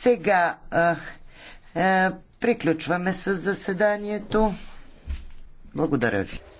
Сега а, а, приключваме с заседанието. Благодаря ви.